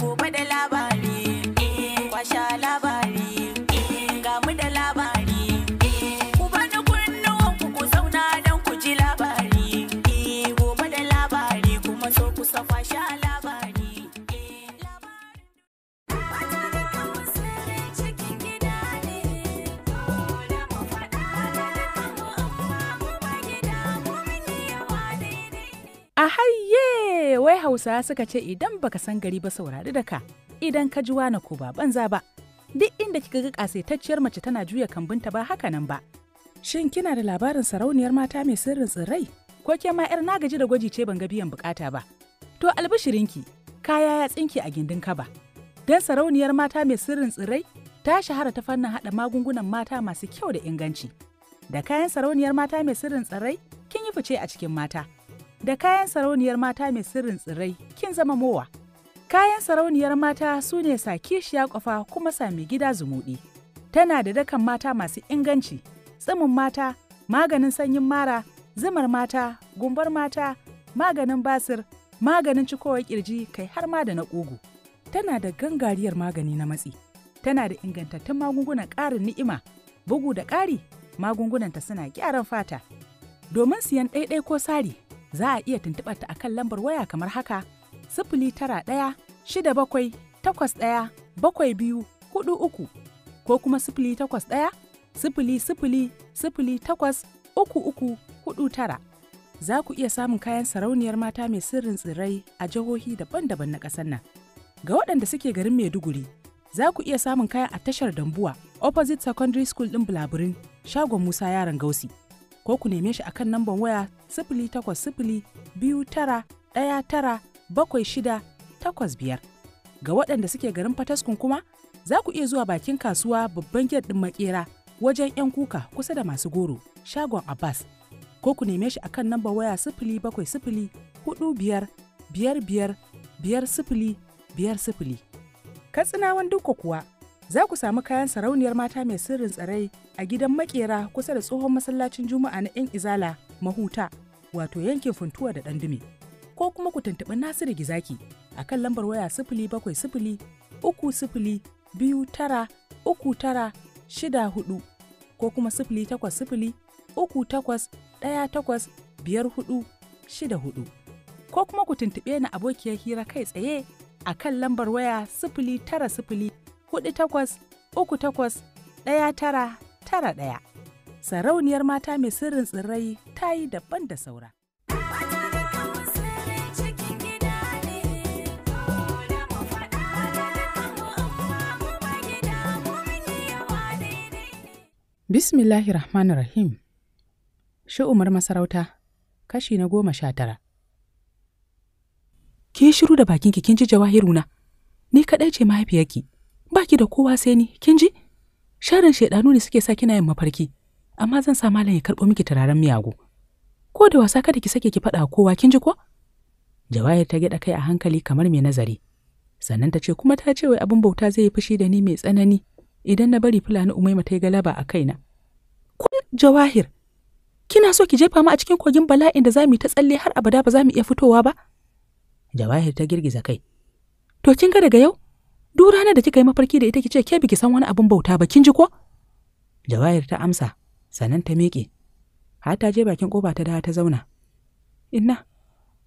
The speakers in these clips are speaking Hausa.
gobe da labari. Hausa suka ce idan baka san gari ba saurari da ka, idan ka ji wane ko ba banza ba. Duk inda kika ga ƙasaitacciyar mace tana juya kambunta ba haka nan ba. Shin kina da labarin sarauniyar mata mai sirrin tsirrai? Ko ke ma 'yar nagaji da gwaji ce ban ga biyan bukata ba. To albishirinki, kaya ya tsinki a gindin ba Don sarauniyar mata mai sirrin tsirrai ta shahara ta fannin haɗa magungunan mata masu kyau da inganci. Da kayan sarauniyar mata mai sirrin tsirrai kin yi fice a cikin mata. da kayan sarauniyar mata mai sirrin tsirrai kin zama mowa. Kayan sarauniyar mata su ne sakishiya kwafa kuma sami gida zumuɗi. Tana da dakan mata masu inganci, tsimin mata, maganin sanyin mara, zumar mata, gumbar mata, maganin basir, maganin cikowar kirji kai har ma da na ƙugu. Tana da gangariyar magani na matsi. Tana da ingantattun magungunan ƙarin ni'ima, bugu da ƙari, magungunanta suna gyaran fata. Domin siyan ɗaiɗai ko sari, za a iya tuntuɓar ta akan lambar waya kamar haka sifili tara ɗaya shida bakwai takwas ɗaya bakwai biyu hudu uku ko kuma sifili takwas ɗaya sifili sifili sifili takwas uku uku hudu tara za ku iya samun kayan sarauniyar mata mai sirrin tsirrai a jihohi daban-daban na ƙasar nan ga waɗanda suke garin maiduguri za ku iya samun kayan a tashar dambuwa opposite secondary school ɗin bulaburin shagon musa yaron gausi ko ku neme shi akan namban waya sifili takwas sifili biyu tara ɗaya tara bakwai shida takwas biyar. Ga waɗanda suke garin Fataskun kuma za ku iya zuwa bakin kasuwa babban gate ɗin makera wajen 'yan kuka kusa da masu goro shagon Abbas. Ko ku neme shi akan namban waya sifili bakwai sifili hudu biyar biyar biyar biyar sifili biyar sifili. Katsinawan duka kuwa za ku samu kayan sarauniyar mata mai sirrin tsarai a gidan makera kusa da tsohon masallacin juma'a na 'yan izala mahuta wato yankin funtuwa da dandume ko kuma ku tuntuɓi nasiru gizaki a kan lambar waya sifili bakwai sifili uku sifili biyu tara uku tara shida hudu ko kuma sifili takwas sifili uku takwas ɗaya takwas biyar hudu shida hudu ko kuma ku tuntuɓe ni abokiyar hira kai tsaye a kan lambar waya sifili tara sifili Huɗu takwas uku ɗaya tara tara ɗaya. Sarauniyar mata mai sirrin tsirrai ta yi daban da saura. Bismillahir Rahmanir Rahim Shi'umar masarauta kashi na goma sha tara. Ke shiru da bakinki kin ji jawahiruna, ni kaɗai ce mahaifiyarki. baki da kowa sai ni kin ji sharin shaidanu ne suke sa kina yin mafarki amma zan sa malam ya karɓo miki turaren miyagu ko da wasa kada ki sake ki faɗa kowa kin ji ko jawahir ta gyaɗa kai a hankali kamar mai nazari sannan ta ce kuma ta ce wai abin bauta zai yi fushi da ni mai tsanani idan na bari fulani umaima ta yi galaba a kaina kun jawahir kina so ki jefa mu a cikin kogin bala'in da za mu yi ta tsalle har abada ba za mu iya fitowa ba jawahir ta girgiza kai to kin ga daga yau duk ranar da kika yi mafarki da ita kice ce ke biki san wani abin bauta ba kin ji ko jawahir ta amsa sannan ta miƙe har ta je bakin koba ta da ta zauna inna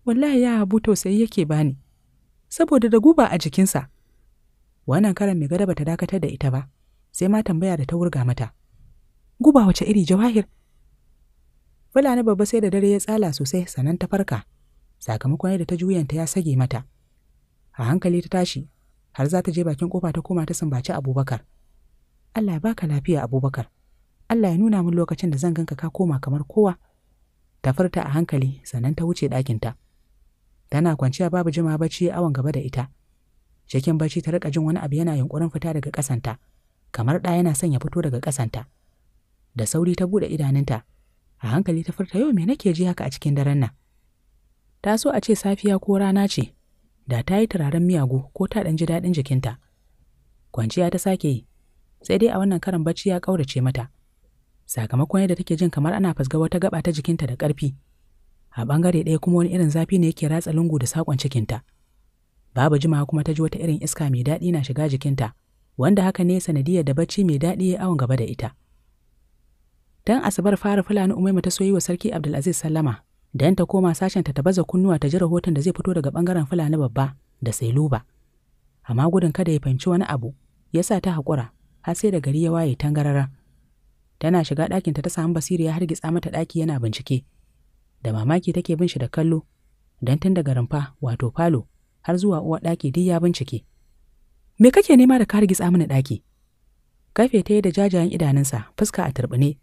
wallahi ya habu tausayi yake bani saboda da guba a jikinsa wannan karan mai gada bata dakatar da ita ba sai ma tambaya da ta wurga mata guba wace iri jawahir fulani babba sai da dare ya tsala sosai sannan ta farka sakamakon yadda ta juyanta ya sage mata a hankali ta tashi har za ta je bakin kofa ta koma ta sambaci abubakar allah ya baka lafiya abubakar allah ya nuna min lokacin da zan ganka ka koma kamar kowa ta furta a hankali sannan ta wuce ɗakinta tana kwanciya babu jima bacci awon gaba da ita cikin bacci ta rika jin wani abu yana yunkurin fita daga kasanta, kamar ɗa yana son ya fito daga kasanta. da sauri ta bude idanunta a hankali ta furta yau me nake ji haka a cikin daren nan ta so a ce safiya ko rana ce da ta yi turaren miyagu ko ta ɗan ji daɗin jikinta. Kwanciya ta sake yi, sai dai a wannan karan bacci ya ƙaurace mata. Sakamakon yadda take jin kamar ana fasga wata gaba ta jikinta da ƙarfi. A ɓangare ɗaya kuma wani irin zafi ne yake ratsa lungu da saƙon cikinta. Babu jimawa kuma ta ji wata irin iska mai daɗi na shiga jikinta, wanda haka ne sanadiyar da bacci mai daɗi ya awon gaba da ita. Dan Asabar fara Fulani Umaima ta soyi wa Sarki Abdulaziz sallama, Dan ta koma sashenta ta baza kunnuwa ta ji rahoton da zai fito daga bangaren Fulani babba da Sailuba. Amma gudun kada ya fahimci wani abu, ya sa ta haƙura, har sai da gari ya waye tangarara. Tana shiga ɗakinta ta samu basiri ya hargitsa mata ɗaki yana bincike. Da mamaki take bin shi da kallo, dan tun daga rumfa wato falo har zuwa uwa ɗaki duk ya bincike. Me kake nema da ka hargitsa mana ɗaki? Kafe ta yi da jajayen idanunsa, fuska a turɓune.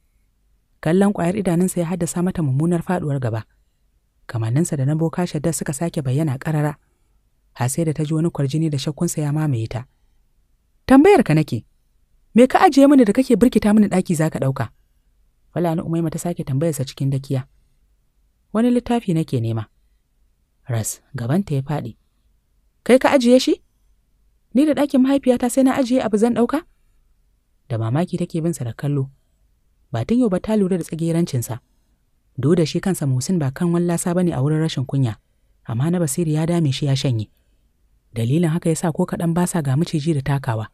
Kallon ƙwayar idanunsa ya haddasa mata mummunar faɗuwar gaba. kamanninsa da na boka shaddar suka sake bayyana karara. har sai da ta ji wani kwarjini da shakkunsa ya mamaye ta tambayar ka nake me ka ajiye mini da kake birkita mini ɗaki zaka ɗauka Falani Umaima ta sake tambayarsa cikin dakiya. Wani littafi nake nema. Ras, gabanta ya faɗi. Kai ka ajiye shi? Ni da ɗakin mahaifiyata sai na ajiye abu zan ɗauka? Da mamaki take bin sa da kallo. Ba tun yau ba ta lura da tsagerancinsa. Do da shi kansa Musin ba kan wallasa ba ne a wurin rashin kunya, amma na basiri ya dame shi ya shanye. Dalilin haka ya sa ko kaɗan ba sa ga miciji da takawa,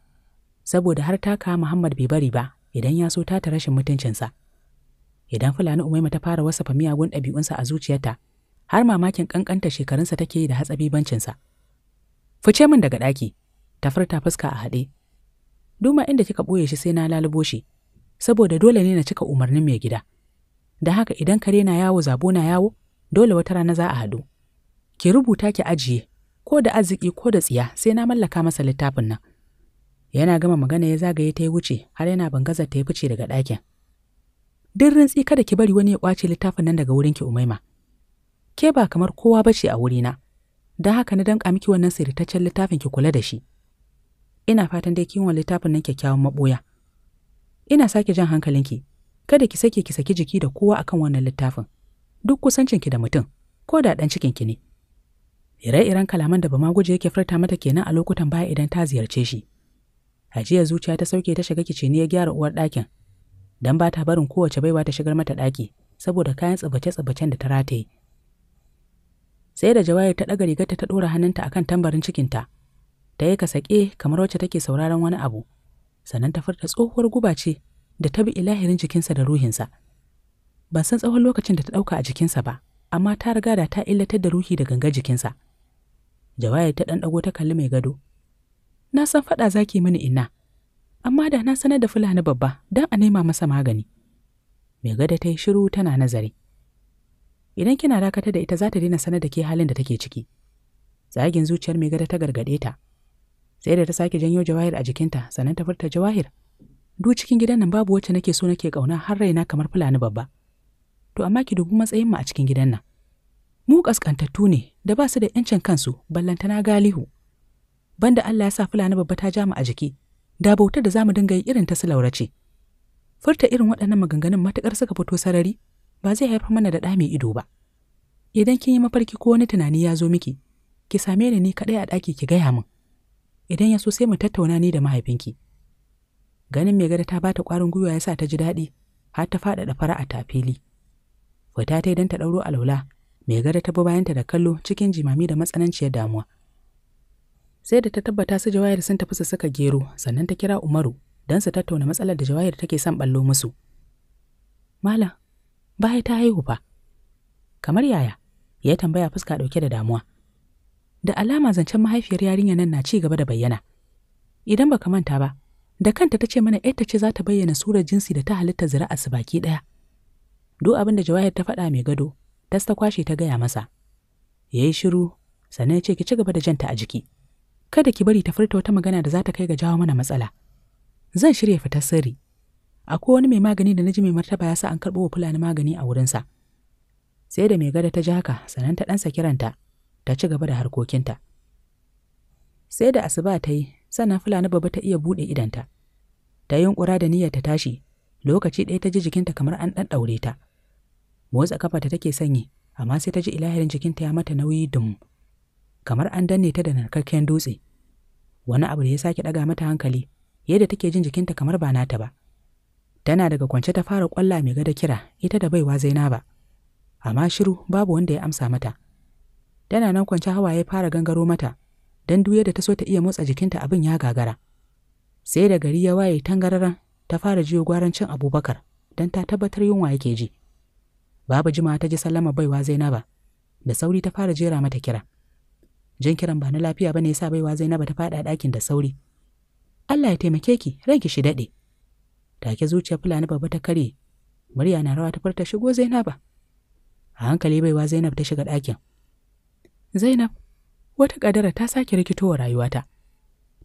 saboda har taka Muhammad bai bari ba idan ya so tata rashin mutuncinsa. Idan Fulani Umaima ta fara wasafa miyagun ɗabi'unsa a zuciyarta, har mamakin ƙanƙanta shekarunsa take yi da hatsabibancinsa. Fice min daga ɗaki, ta furta fuska a haɗe. Duma inda kika ɓoye shi sai na lalubo shi, saboda dole ne na cika umarnin mai gida. Da haka idan kare na yawo zabo na yawo, dole wata rana za a haɗu. Ki rubuta ki ajiye, ko da arziki ko da tsiya sai na mallaka masa littafin nan. Yana gama magana ya zagaye ta yi wuce har yana bangaza ta yi fice daga ɗakin. Duk rintsi kada ki bari wani ya ƙwace littafin nan daga wurinki Umaima. Ke ba kamar kowa ba ce a wuri na. da haka na danƙa miki wannan sirritaccen littafin ki kula da shi. Ina fatan dai kiwon littafin nan kyakkyawan maɓoya. Ina sake jan hankalinki, kada ki sake ki saki jiki da kowa akan wannan littafin duk kusancinki da mutum ko da ɗan cikinki ne ire-iren kalaman da bama guje yake furta mata kenan a lokutan baya idan ta ziyarce shi hajiya zuciya ta sauke ta shiga kicini ya gyara uwar ɗakin dan ba ta barin kowace baiwa ta shigar mata ɗaki saboda kayan tsabace-tsabacen da ta rataye sai da jawayar ta ɗaga rigarta ta ɗora hannunta akan tambarin cikinta ta yi sake kamar wacce take sauraron wani abu sannan ta furta tsohuwar guba ce da ta bi ilahirin jikinsa da ruhinsa. Ban san tsawon lokacin da ta ɗauka a jikinsa ba, amma ta riga da ta illatar da ruhi da ganga jikinsa. Jawaya ta ɗan ɗago ta kalli mai gado. Na san faɗa zaki mini ina, amma da na sanar da Fulani babba don a nema masa magani. Mai gado ta yi shiru tana nazari. Idan kina dakatar da ita za ta daina sanar da ke halin da take ciki. Zagin zuciyar mai gado ta gargaɗe ta. Sai da ta sake janyo jawahir a jikinta sannan ta furta jawahir. duk cikin gidan nan babu wacce nake so nake kauna har raina kamar fulani babba to amma ki dubi matsayin mu a cikin gidan nan mu kaskantattu ne da ba su da yancin kansu ballanta na galihu banda Allah ya sa fulani babba ta ja a jiki da bautar da zamu dinga yi irin ta su laurace furta irin waɗannan maganganun matukar suka fito sarari ba zai haifar mana da ɗa mai ido ba idan kin yi mafarki ko wani tunani ya zo miki ki same ni ni kaɗai a ɗaki ki gaya min idan ya so sai mu tattauna ni da mahaifinki ganin mai gada ta bata ƙwarin gwiwa ya sa ta ji daɗi har ta faɗaɗa fara'a ta fili fita ta don ta ɗauro alaula mai gada ta bi bayanta da kallo cikin jimami da matsananciyar damuwa sai da ta tabbata su jawahir sun tafi su suka gero sannan ta kira umaru don su tattauna matsalar da jawahir take son ballo musu malam baya ta haihu fa kamar yaya ya tambaya fuska ɗauke da damuwa da alama zancen mahaifiyar yarinya nan na ci gaba da bayyana idan baka manta ba da kanta ta ce mana Ita ce za ta bayyana surar jinsi da ta halitta zira'a su baki ɗaya. Duk abin da Jawahir ta faɗa mai gado, tas ta kwashe ta gaya masa. Ya yi shiru, sannan ya ce ki ci gaba da janta a jiki. Kada ki bari ta furta wata magana da za ta kai ga jawo mana matsala. Zan shirya fitar sirri. Akwai wani mai magani da naji mai martaba ya sa an karɓo wa Fulani magani a wurinsa. Sai da mai gada ta ji haka, sannan ta ɗansa kiranta, ta ci gaba da harkokinta. Sai da asuba ta yi, sannan fulani babba ta iya buɗe idanta. Ta yunƙura da niyyar ta tashi, lokaci ɗaya ta ji jikinta kamar an ɗaɗɗaure ta. Motsa ta take sanyi, amma sai ta ji ilahirin jikinta ya mata nauyi dum. Kamar an danne ta da narkakken dutse. Wani abu da ya sake ɗaga mata hankali, yadda take jin jikinta kamar ba nata ba. Tana daga kwance ta fara ƙwalla mai gada kira, ita da baiwa Zainaba. Amma shiru babu wanda ya amsa mata. Tana nan kwance hawaye fara gangaro mata, don duk yadda ta so ta iya motsa jikinta abin ya gagara. Sai da gari ya waye tangararan ta fara jiyo gwaran cin Abubakar don ta tabbatar yunwa yake ji. Babu jima ta ji sallama baiwa Zainaba, da sauri ta fara jera mata kira. Jin kiran ba na lafiya ba ne sa baiwa Zainaba ta fada ɗakin da sauri. Allah ya taimake ki, ranki shi daɗe. Take zuciyar Fulani babba ta karye, murya na rawa ta farta shigo Zainaba. A hankali baiwa Zainab ta shiga ɗakin. Zainab, wata kadara ta sake rikitowa rayuwata.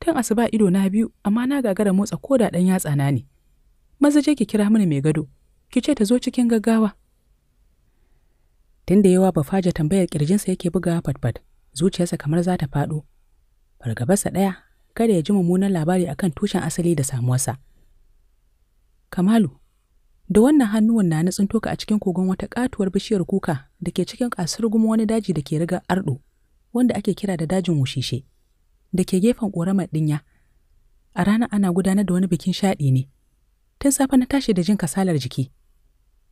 Tun asuba ido na biyu amma na gagara motsa ko da ɗan yatsa na ne. Maza je ki kira mini mai gado, ki ce ta zo cikin gaggawa. Tun da yawa Bafaja tambayar kirjinsa yake bugawa fatfat, zuciyarsa kamar za ta faɗo. Fargabarsa ɗaya, kada ya ji mummunan labari akan tushen asali da samuwarsa. Kamalu, da wannan hannuwan na na tsinto ka a cikin kogon wata katuwar bishiyar kuka da ke cikin kasurgumo wani daji da ke riga ardo. wanda ake kira da dajin wushishe, da ke gefen ƙoramar ɗinya. A ranar ana gudanar da wani bikin shaɗi ne. Tun safe na tashi da jin kasalar jiki.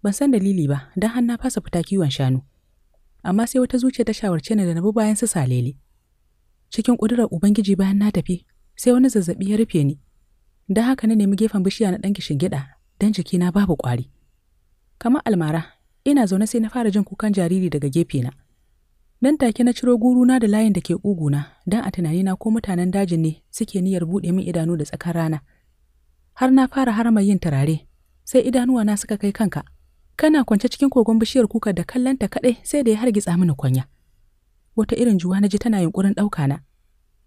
Ban san dalili ba, don har na fasa fita kiwon shanu. Amma sai wata zuciya ta shawarce ni da na bi bayan su salele. Cikin ƙudurar Ubangiji bayan na tafi, sai wani zazzaɓi ya rufe ni. Don haka na nemi gefen bishiya na ɗan kishin gida don jikina babu ƙwari. Kamar almara, ina zaune sai na fara jin kukan jariri daga gefe na. Nan take na ciro guruna da layin da ke ƙuguna, don a tunanina ko mutanen dajin ne suke niyyar buɗe min idanu da tsakar rana. Har na fara harama yin turare, sai idanuwa na suka kai kanka. Kana kwance cikin kogon bishiyar kuka da kallanta kaɗai sai da ya hargitsa mini kwanya. Wata irin juwa na ji tana yunkurin ɗauka na.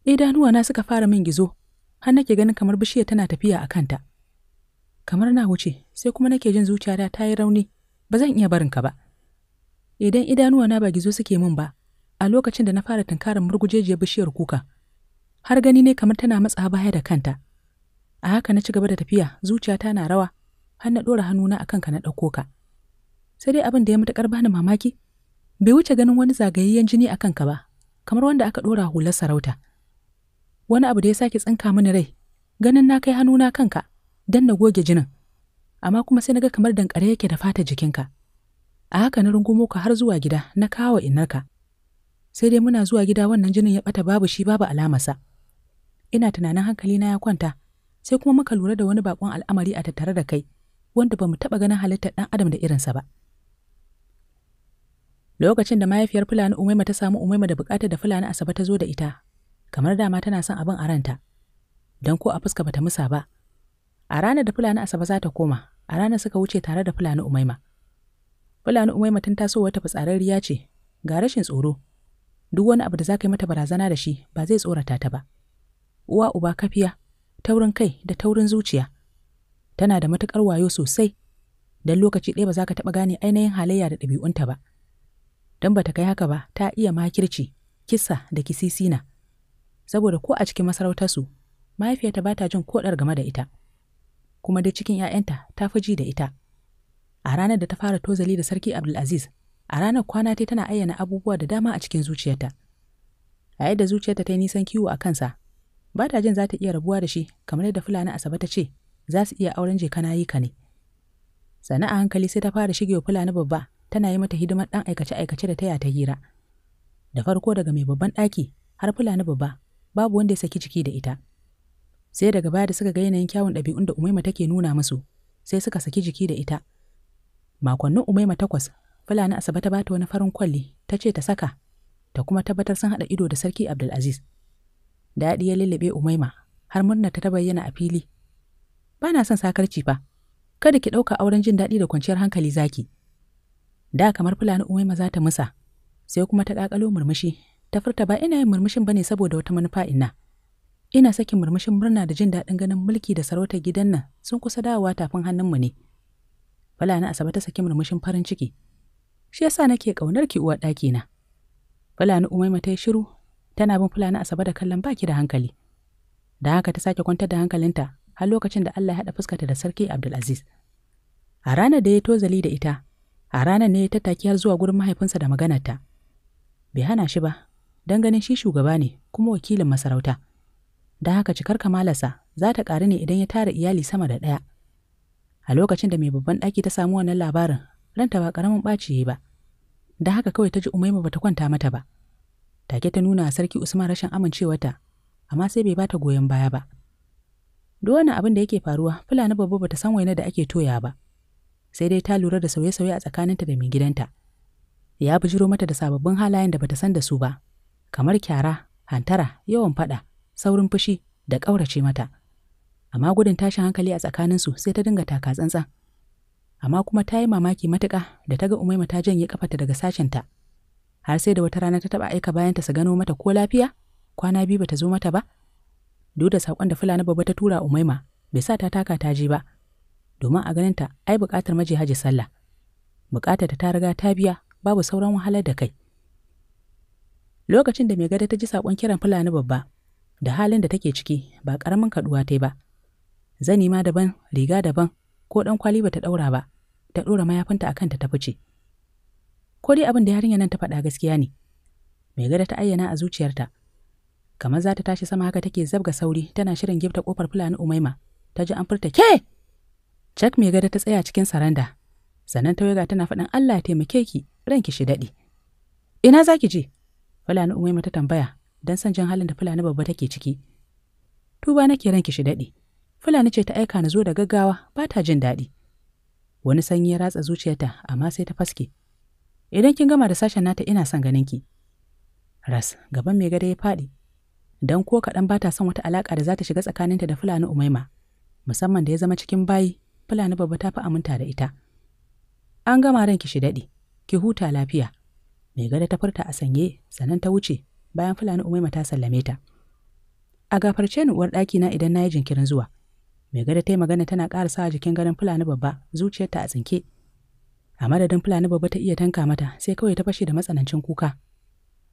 Idanuwa na suka fara min gizo, har nake ganin kamar bishiyar tana tafiya a kanta. Kamar na wuce, sai kuma nake jin zuciyata ta yi rauni, ba zan iya barinka ba. Idan idanuwa na ba gizo suke min ba, a lokacin da na fara tunkarar murgujejiyar bishiyar kuka har gani ne kamar tana matsa baya da kanta a haka na ci gaba da tafiya zuciyata na rawa har na ɗora hannuna a kanka na ɗauko ka sai dai abin da ya matuƙar bani mamaki bai wuce ganin wani zagayayyen jini a kanka ba kamar wanda aka ɗora hular sarauta wani abu da ya sake tsinka mini rai ganin na kai hannuna kanka don na goge jinin amma kuma sai na ga kamar dankare yake da fata jikinka a haka na rungumo ka har zuwa gida na kawo inarka sai dai muna zuwa gida wannan jinin ya bata babu shi babu sa. Ina tunanin hankali na ya kwanta, sai kuma muka lura da wani bakon al'amari a tattare da kai, wanda ba mu taɓa ganin halittar ɗan adam da irinsa ba. Lokacin da mahaifiyar Fulani Umaima ta samu Umaima da buƙatar da Fulani Asabe ta zo da ita, kamar dama tana son abin a ranta, don ko a fuska bata musa ba. A ranar da Fulani Asabe za ta koma, a ranar suka wuce tare da Fulani Umaima. Fulani Umaima tun tasowa ta fitsararriya ce, ga rashin tsoro, duk wani abu da za ka yi mata barazana da shi ba zai tsorata ta ba. Uwa uba kafiya, taurin kai da taurin zuciya. Tana da matukar wayo sosai, don lokaci ɗaya ba za ka taɓa gane ainihin halayya da ɗabi'unta ba. Don ba ta kai haka ba, ta iya makirci, kisa da kisisina. Saboda ko a cikin masarautarsu, mahaifiyarta ba ta jin koɗar game da ita. Kuma duk cikin ‘ya'yanta ta fi ji da ita. A ranar da ta fara tozali da Sarki Abdulaziz, A ranar kwana ta tana ayyana abubuwa da dama a cikin zuciyarta. A yadda zuciyarta ta yi nisan kiwo a kansa, ba ta jin za ta iya rabuwa da shi kamar yadda Fulani Asabe ta ce za su iya auren jeka na yi ka ne. Sannan a hankali sai ta fara shigewa Fulani babba tana yi mata hidimar ɗan aikace-aikace da taya ta hira. Da farko daga mai babban ɗaki har Fulani babba babu wanda ya saki ciki da ita. Sai daga baya da suka ga yanayin kyawun ɗabi'un da Umaima take nuna musu, sai suka saki jiki da ita. Makonnin Umaima takwas Fulani Asabe ta bata wani farin kwalli, ta ce ta saka, ta kuma tabbatar sun haɗa ido da Sarki Abdulaziz. Daɗi ya lullube Umaima, har murna ta bayyana a fili. Ba na son sakarci fa, kada ki ɗauka auren jin daɗi da kwanciyar hankali zaki. Da kamar Fulani Umaima za ta musa, sai kuma ta ƙaƙalo murmushi, ta furta ba ina yin murmushin bane saboda wata manufa ina. Ina sakin murmushin murna da jin daɗin ganin mulki da sarautar gidan nan sun kusa dawowa tafin hannunmu ne. Fulani Asabe ta saki murmushin farin ciki, shi yasa nake kaunar ki uwa na Fulani Umaima ta yi shiru, tana bin Fulani Asabe da kallon baki da hankali. Da haka ta sake kwantar da hankalinta har lokacin da Allah ya haɗa fuskarta da Sarki Abdulaziz. A ranar da ya tozali da ita, a ranar ne ya tattaki har zuwa gurin mahaifinsa da maganarta. Bai hana shi ba, don ganin shi shugaba ne kuma wakilin masarauta. Da haka cikar kamalarsa za ta ƙaru ne idan ya tara iyali sama da ɗaya. A lokacin da mai babban ɗaki ta samu wannan labarin, ranta ba ƙaramin ɓaci ba da haka kawai ta ji umaima bata kwanta mata ba take ta nuna sarki usman rashin amincewarta amma sai bai bata goyon baya ba duk wani abin da yake faruwa fulani babba bata san waina da ake toya ba sai dai ta lura da sauye-sauye a tsakaninta da mai gidanta ya jiro mata da sababbin halayen da bata san da su ba kamar kyara hantara yawan faɗa saurin fushi da ƙaurace mata amma gudun tashin hankali a tsakaninsu sai ta dinga taka tsantsan amma kuma ta yi mamaki matuƙa da ta ga Umaima ta janye kafarta daga sashinta. Har sai da wata rana ta taɓa aika bayanta su gano mata ko lafiya, kwana biyu bata zo mata ba. Duk da saƙon da Fulani babba ta tura Umaima, bai sa ta taka ta je ba. Domin a ganin ta ai buƙatar maji haji sallah. Buƙatar ta riga ta biya, babu sauran wahalar da kai. Lokacin da mai gada ta ji saƙon kiran Fulani babba, da halin da take ciki ba ƙaramin kaɗuwa ta yi ba. Zani ma daban, riga daban, ko dan kwali bata ɗaura ba, ta ɗora mayafinta a kanta ta fice. Ko dai abin da yarinya nan ta faɗa gaskiya ne, mai gada ta ayyana a zuciyarta. Kamar za ta tashi sama haka take zabga sauri tana shirin gifta kofar Fulani Umaima, ta ji an furta ke! Cak mai gada ta tsaya cikin saranda, sannan ta tana faɗin Allah taimake ki ranki shi daɗi. Ina za ki je? Fulani Umaima ta tambaya don san jin halin da Fulani babba take ciki. Tuba nake ranki shi daɗi. Fulani ce ta aika na zo da gaggawa ba ta jin daɗi. Wani sanyi ya ratsa zuciyarta amma sai ta faske. Idan kin gama da sashen nata ina son ganin ki. Ras, gaban mai gada ya faɗi. Dan ko kaɗan ba ta son wata alaƙa da za ta shiga tsakaninta da Fulani Umaima, musamman da ya zama cikin bayi, Fulani babba ta fi aminta da ita. An gama ran ki shi daɗi, ki huta lafiya. Mai gada ta furta a sanye, sannan ta wuce, bayan Fulani Umaima ta sallame ta. A gafarce ni uwar ɗakina idan na yi jinkirin zuwa. mai gada ta yi magana tana ƙara sa jikin ganin fulani babba zuciyarta a tsinke a madadin fulani babba ta iya tanka mata sai kawai ta fashe da matsanancin kuka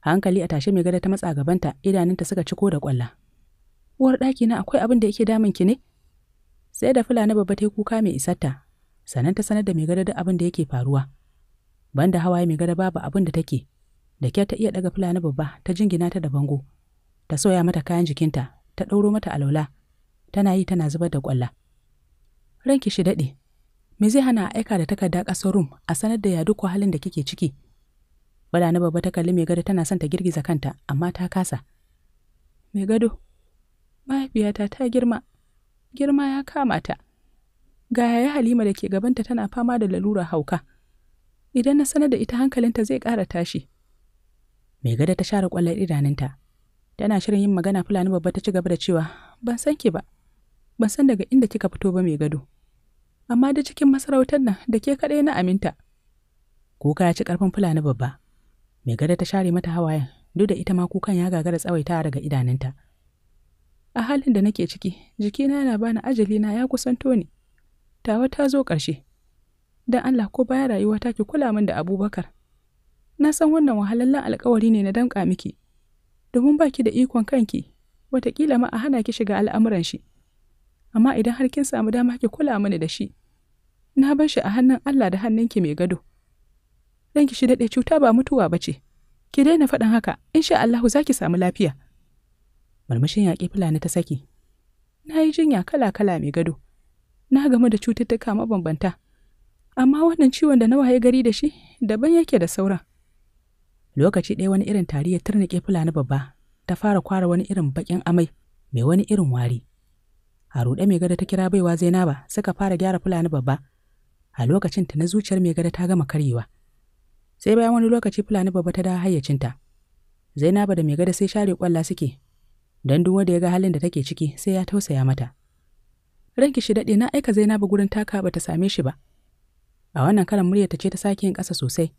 hankali a tashe mai gada ta matsa gabanta idanunta suka ciko da ƙwalla uwar ɗaki na akwai abin da yake damun ki ne sai da fulani babba ta yi kuka mai isarta sannan ta sanar da mai gada duk abin da yake faruwa banda hawaye mai gada babu abin da take da kyar ta iya ɗaga fulani babba ta jingina ta da bango ta soya mata kayan jikinta ta ɗauro mata alaula tana yi tana zubar da ƙwalla. Ranki shi daɗe, me zai hana aika da takarda ƙasar Rum a sanar da ya duk halin da kike ciki? Bala na babba ta kalli mai gado tana son ta girgiza kanta, amma ta kasa. Mai gado, mahaifiyata ta girma, girma ya kama ta. Ga yaya Halima da ke gabanta tana fama da lalura hauka. Idan na sanar da ita hankalinta zai ƙara tashi. Mai gado ta share ƙwallon idanunta. Tana shirin yin magana Fulani babba ta ci gaba da cewa, ban san ki ba. ban san daga inda kika fito ba mai gado amma da cikin masarautar nan da ke kaɗai na aminta kuka ya ci ƙarfin fulani babba mai gada ta share mata hawayen duk da ita ma kukan ya gagara tsawaita daga idanunta a halin da nake ciki jikina yana bani ajalina ya kusanto ni tawa ta zo ƙarshe dan Allah ko baya ta ki kula min da Abubakar na san wannan wahalallen alƙawari ne na danƙa miki domin baki da ikon kanki wataƙila ma a hana ki shiga al'amuran shi amma idan har kin samu dama ki kula mini da shi na bar shi a hannun Allah da hannunki mai gado ki shi daɗe cuta ba mutuwa ba ce ki daina faɗin haka insha Allahu za ki samu lafiya murmushin yaƙi fulani ta saki na yi jinya kala-kala mai gado na gamu da cututtuka mabambanta amma wannan ciwon da na waye gari da shi daban yake da sauran lokaci ɗaya wani irin tari ya turnike fulani babba ta fara kwara wani irin baƙin amai mai wani irin wari a ruɗe mai gada ta kira baiwa zainaba suka fara gyara fulani babba a lokacin ta na zuciyar mai gada ta gama karyewa sai bayan wani lokaci fulani babba ta da hayyacinta zainaba da mai gada sai share kwalla suke don duk wanda ya ga halin da take ciki sai ya tausaya mata ranki shi daɗe na aika zainaba gurin taka ba ta same shi ba a wannan karan murya ta ce ta sake yin ƙasa sosai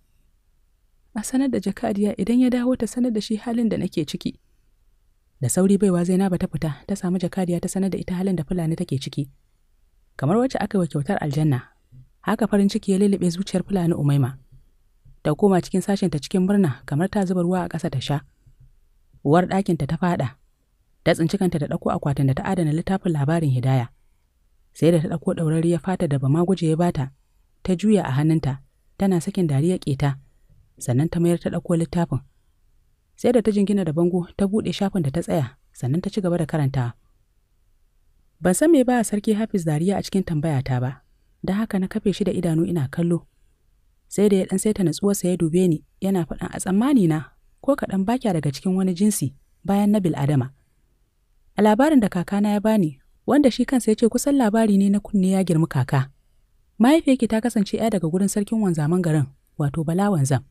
a sanar da jakadiya idan ya dawo ta sanar da shi halin da nake ciki Da sauri baiwa Zainaba ta fita ta samu jakadiya ta sanar da ita halin da Fulani take ciki. Kamar wacce aka yi wa kyautar aljanna, haka farin ciki ya lulluɓe zuciyar Fulani Umaima. Ta koma cikin sashinta cikin murna kamar ta zuba ruwa a ƙasa ta sha. Uwar ɗakinta ta faɗa, ta tsinci kanta da ɗauko akwatin da ta adana littafin labarin Hidaya. Sai da ta ɗauko ɗaurariya fata da bama guje ya bata, ta juya a hannunta, tana sakin dariya ƙeta, sannan ta mayar ta ɗauko littafin. sai da ta jingina da bango ta buɗe shafin da ta tsaya sannan ta ci gaba da karanta ban san me ba sarki hafiz dariya a cikin tambayata ba da haka na kafe shi da idanu ina kallo sai da ya dan saita natsuwarsa ya dube ni yana faɗan a tsammani na ko kaɗan bakya daga cikin wani jinsi bayan na bil adama. a labarin da kakana ya bani wanda shi kansa ya ce kusan labari ne na kunne ya girmi kaka mahaifiyarki ta kasance 'ya daga gurin sarkin wanzaman garin wato bala wanzam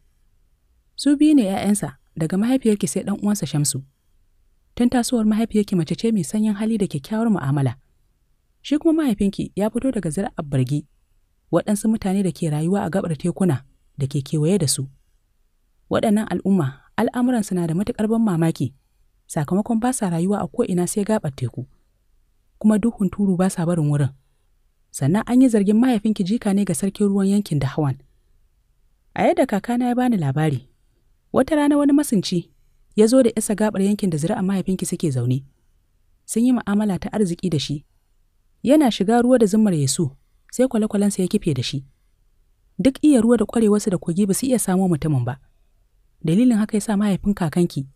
su biyu ne 'ya'yansa daga mahaifiyarki sai ɗan uwansa Shamsu. Tun tasowar mahaifiyarki mace ce mai sanyin hali da kyakkyawar mu'amala. Shi kuma mahaifinki ya fito daga zira'ar bargi, waɗansu mutane da ke rayuwa a gaɓar tekuna da ke kewaye da su. Waɗannan al'umma al'amuransu na da matuƙar ban mamaki, sakamakon ba sa rayuwa a ko'ina sai gaɓar teku, kuma duhun turu ba sa barin wurin. Sannan an yi zargin mahaifinki jika ne ga sarkin ruwan yankin da hawan. A yadda kakana ya bani labari, Wata rana wani masinci ya zo da isa gabar yankin da zira'a mahaifinki suke zaune. Sun yi ma'amala ta arziki da shi. Yana shiga ruwa da zummar Yesu, sai kwale-kwalensa ya kife da shi. Duk iya ruwa da kwarewarsa da kogi ba su iya samo mutumin ba. Dalilin haka ya sa mahaifin kakanki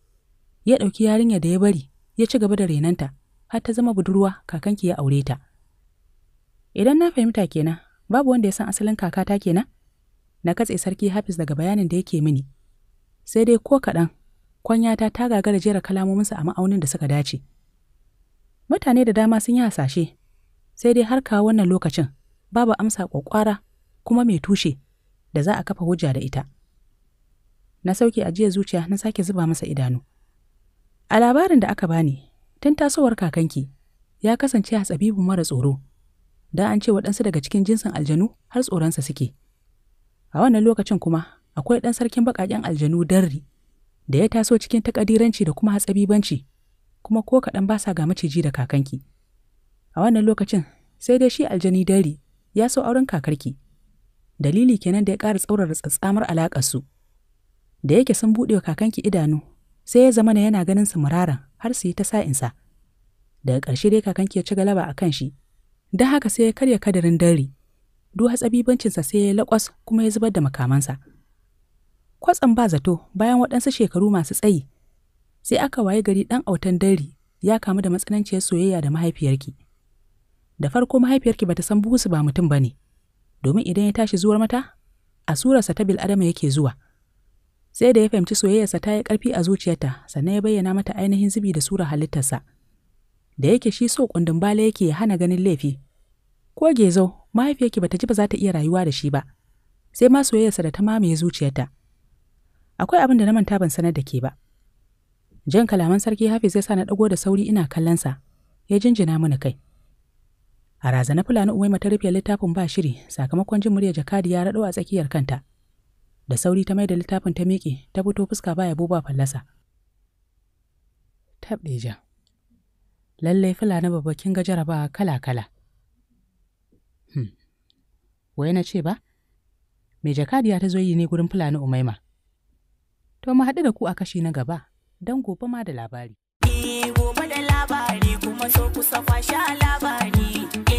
ya ɗauki yarinya da ya bari ya ci gaba da renanta har ta zama budurwa kakanki ya aure ta. Idan na fahimta kenan, babu wanda ya san asalin kakata kenan? Na katse sarki Hafiz daga bayanin da yake mini. sai dai ko kaɗan kwanyata ta gagara jera kalamominsa a ma'aunin da suka dace mutane da dama sun yi hasashe sai dai har kawo wannan lokacin babu amsa kwakwara kuma mai tushe da za a kafa hujja da ita na sauke ajiyar zuciya na sake zuba masa idanu a labarin da aka bani tun tasowar kakanki ya kasance a tsabibu mara tsoro da an ce waɗansu daga cikin jinsin aljanu har tsoronsa suke a wannan lokacin kuma akwai ɗan sarkin baƙaƙen aljanu darri da ya taso cikin takadiranci da kuma hatsabibanci kuma ko kaɗan ba sa ga maciji da kakanki a wannan lokacin sai dai shi aljani darri ya so auren kakarki dalili kenan da ya ƙara tsaurara tsatsamar alaƙarsu da yake sun buɗe wa kakanki idanu sai ya zamana yana ganin su muraran har su yi ta sa'insa daga ƙarshe dai kakanki ya ci galaba a kan shi don haka sai ya karya kadarin darri duk hatsabibancinsa sai ya yi laƙwas kuma ya zubar da makamansa. Kwatsam ba zato bayan waɗansu shekaru masu tsayi, sai aka waye gari ɗan autan dari, ya kamu da matsananciyar soyayya da mahaifiyarki. Da farko mahaifiyarki bata san buhusu ba mutum ba ne, domin idan ya tashi zuwar mata, a surarsa ta bil adama yake zuwa. Sai da ya fahimci soyayyarsa ta yi ƙarfi a zuciyarta, sannan ya bayyana mata ainihin zubi da sura halittarsa. Da yake shi so kundin bala yake ya hana ganin laifi. Ko gezo, mahaifiyarki bata ji ba za ta iya rayuwa da shi ba, sai ma soyayyarsa da ta mamaye zuciyarta. akwai abin da na manta ban sanar da ke ba. Jan kalaman sarki Hafiz ya sa na dago da sauri ina kallon sa. ya jinjina mana kai. A razana Fulani Umaima ta rufe littafin ba shiri sakamakon jin murya jakadi ya raɗo a tsakiyar kanta. Da sauri ta mai da littafin ta miƙe ta fito fuska ba ya ba fallasa. Tabɗeja. Lallai Fulani babba kin ga jarabawa kala-kala. Hmm. Wai na ce ba? Me jakadiya ta zo yi ne gurin Fulani Umaima? To mu haɗu da ku a kashi na gaba don gobe ma da labari. Ni eh, gobe da labari kuma so kusa kwasha labari.